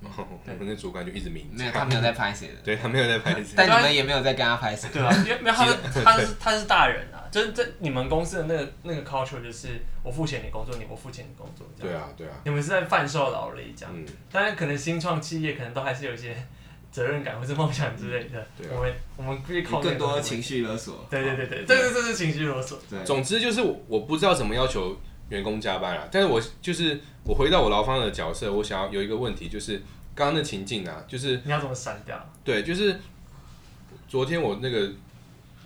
哦、oh, 對，我們那主管就一直明講。沒有，他沒有在拍誰的， 對他沒有在拍誰。但你們也沒有在跟他拍誰。對啊， 對啊，因為沒有，他是他是他是大人啊。就就你們公司的那個那個 culture 就是我付錢你工作，你我付錢你工作。對啊對啊，你們是在販售勞力這樣，當然、嗯、可能新創企業可能都還是有一些責任感或者夢想之類的。嗯、對、啊我，我們我們可以靠更多的情緒勒索。對對對對，這是這是情緒勒索。總之就是我，我不知道怎麼要求員工加班啊，但是我就是我回到我勞方的角色，我想要有一個問題就是剛剛的情境啊，就是你要怎麼刪掉？對，就是昨天我那個。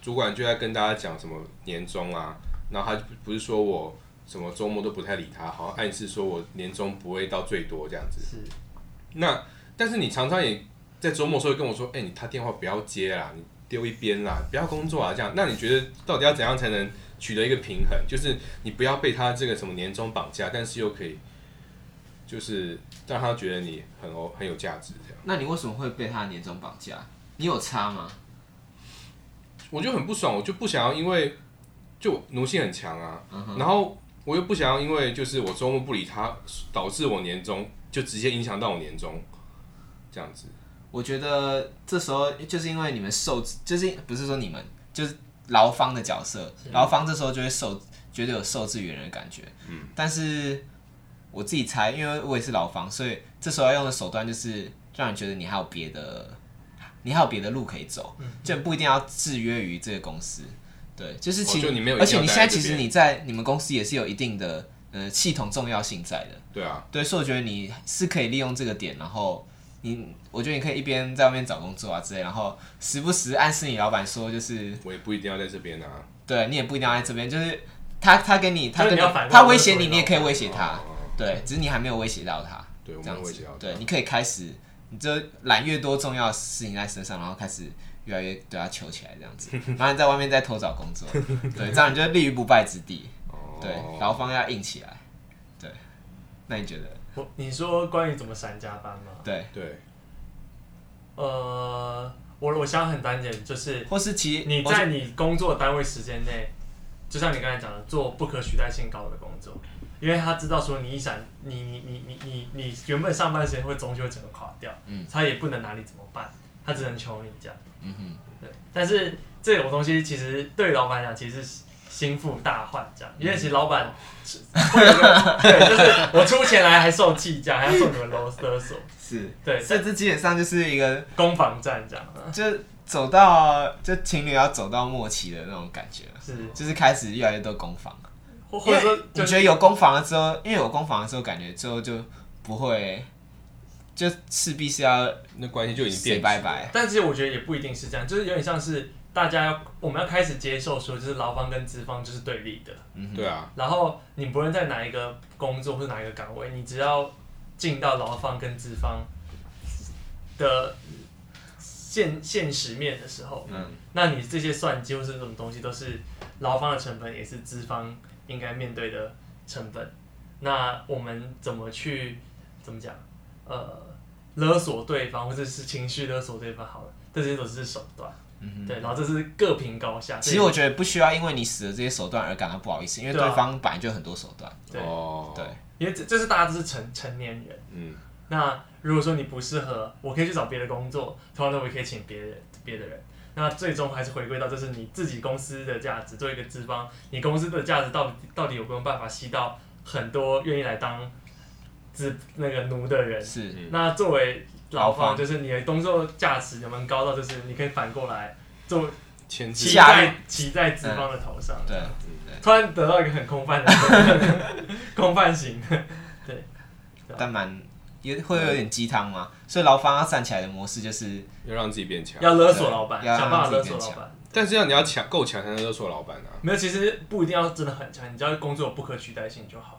主管就在跟大家講什麼年終啊，然後他不是說我什麼周末都不太理他，好像暗示說我年終不會到最多這樣子。是。那但是你常常也在周末時候跟我說，哎、欸，你他電話不要接啦，你丟一邊啦，不要工作啊這樣。那你覺得到底要怎樣才能取得一個平衡？就是你不要被他這個什麼年終綁架，但是又可以就是讓他覺得你很哦很有價值這樣。那你為什麼會被他年終綁架？你有差嗎？我就很不爽，我就不想要，因為就奴性很強啊，uh huh. 然後我又不想要，因為就是我周末不理他，導致我年終就直接影響到我年終，這樣子。我覺得這時候就是因為你們受，就是不是說你們就是勞方的角色，勞方這時候就會受，覺得有受制於人的感覺。嗯，但是我自己猜，因為我也是勞方，所以這時候要用的手段就是讓人覺得你還有別的。你還有別的路可以走，就不一定要制約於這個公司。對，就是其實，哦，你沒有，而且你現在其實你在你們公司也是有一定的呃系統重要性在的。對啊，對，所以我覺得你是可以利用這個點，然後你，我覺得你可以一邊在外面找工作啊之類，然後時不時暗示你老闆說，就是我也不一定要在這邊啊，對，你也不一定要在這邊，就是他他跟你他跟你你他威脅你，你也可以威脅他，哦哦哦對，只是你還沒有威脅到他，對，這樣子，我沒威脅到他，對，你可以開始。你就攬越多重要事情在身上，然後開始越來越對他求起來，這樣子，然後你在外面再偷找工作， 對，這樣你就立於不敗之地。 對，然後勞方要硬起來。對，那你覺得？我你說關於怎麼閃加班嗎？對對。對呃，我我想很單簡，就是或是其，你在你工作單位時間內，就像你剛才講的，做不可取代性高的工作。因為他知道說你一閃，你你你你你，原本上班時間會終究整個垮掉，嗯，他也不能拿你怎麼辦，他只能求你這樣，嗯哼，對。但是這種東西其實對老闆來講，其實是心腹大患這樣，因為其實老闆，哈哈哈哈，對，就是我出錢來還受氣，這樣還要受你們勒索，是，對，甚至基本上就是一個攻防戰這樣，就走到就情侶要走到末期的那種感覺，是，就是開始越來越多攻防。我，說就我覺得有公房的時候，因為有公房的時候感覺之後就不會，就勢必是要那關係就已經變拜拜，但是我覺得也不一定是這樣，就是有點像是大家要我們要開始接受說，就是勞方跟資方就是對立的。嗯哼，對啊。然後你不論在哪一個工作或哪一個崗位，你只要進到勞方跟資方的現現實面的時候，嗯，那你這些算幾是什麼東西都是勞方的成本，也是資方。應該面對的成本，那我們怎麼去怎麼講？呃，勒索對方或者是，是情緒勒索對方，好了，這些都是手段，嗯、哼對，然後這是各憑高下。其實我覺得不需要因為你使的這些手段而感到不好意思，因為對方本來就很多手段。對、啊，對，因為這這是大家都是成成年人。嗯，那如果說你不適合，我可以去找別的工作，同樣我也可以請別人別的人。那最終還是回歸到，就是你自己公司的價值。做一個資方，你公司的價值到底到底有沒有辦法吸到很多願意來當資那個奴的人？是。那作為勞方，分就是你的工作價值有沒有高到，就是你可以反過來做騎職在騎在資方的頭上？嗯、對,對,對,對突然得到一個很空泛的， 空泛型的，對，但蠻也會有點雞湯嘛。嗯所以勞方他站起來的模式就是要讓自己變強，對要勒索老闆，想辦法勒索老闆。但是要你要強夠強才能勒索老闆啊！沒有，其實不一定要真的很強，你只要工作有不可取代性就好。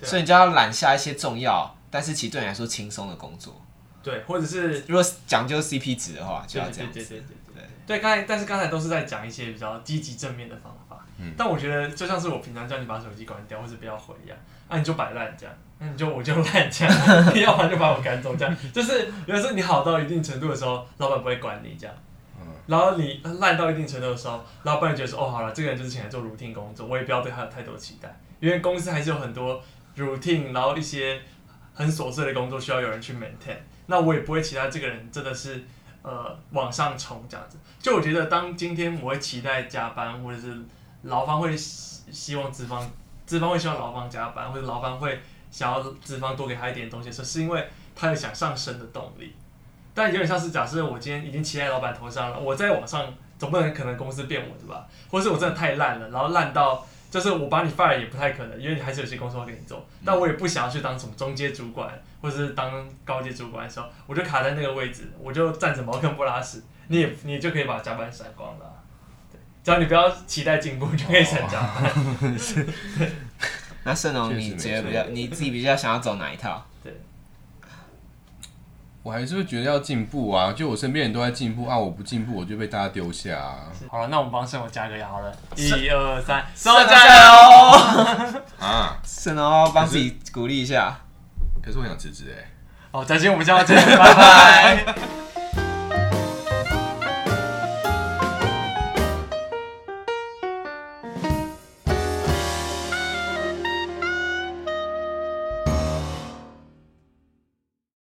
啊、所以你就要攬下一些重要，對但是其實對你來說輕鬆的工作。對，或者是如果講究 CP 值的話，就要這樣子。對對對，對對對對對。對，剛才但是剛才都是在講一些比較積極正面的方法。嗯。但我覺得就像是我平常叫你把手機關掉或者不要回一樣，那、啊、你就擺爛這樣。那你、嗯、就我就爛這樣，要不然就把我趕走這樣， 就是有的時候你好到一定程度的時候，老闆不會管你這樣，然後你爛到一定程度的時候，老闆也覺得說哦好了，這個人就是請來做 routine 工作，我也不要對他有太多期待，因為公司還是有很多 routine，然後一些很瑣碎的工作需要有人去 maintain，那我也不會期待這個人真的是呃往上衝這樣子。就我覺得當今天我會期待加班，或者是勞方會希希望資方，資方會希望勞方加班，或者勞方會。想要資方多給他一點的東西的時候，說是因為他有想上升的動力，但有點像是假設我今天已經騎在老板頭上了，我在往上，總不能可能公司變我對吧，或是我真的太爛了，然後爛到就是我把你放了也不太可能，因為你還是有些工作會給你做。但我也不想要去當什麼中階主管，或者是當高階主管的時候，我就卡在那個位置，我就站着茅坑不拉屎，你也你就可以把加班甩光了，對，只要你不要期待進步，就可以省加那盛隆，你覺得比較你自己比較想要走哪一套？對，我還是會覺得要進步啊，就我身邊人都在進步啊，我不進步我就被大家丟下啊。好了，那我們幫盛隆加個油好了，一二三，盛隆加油！啊，盛隆幫自己鼓勵一下。可是我想辭職哎。好，再見，我們下次再見，拜拜。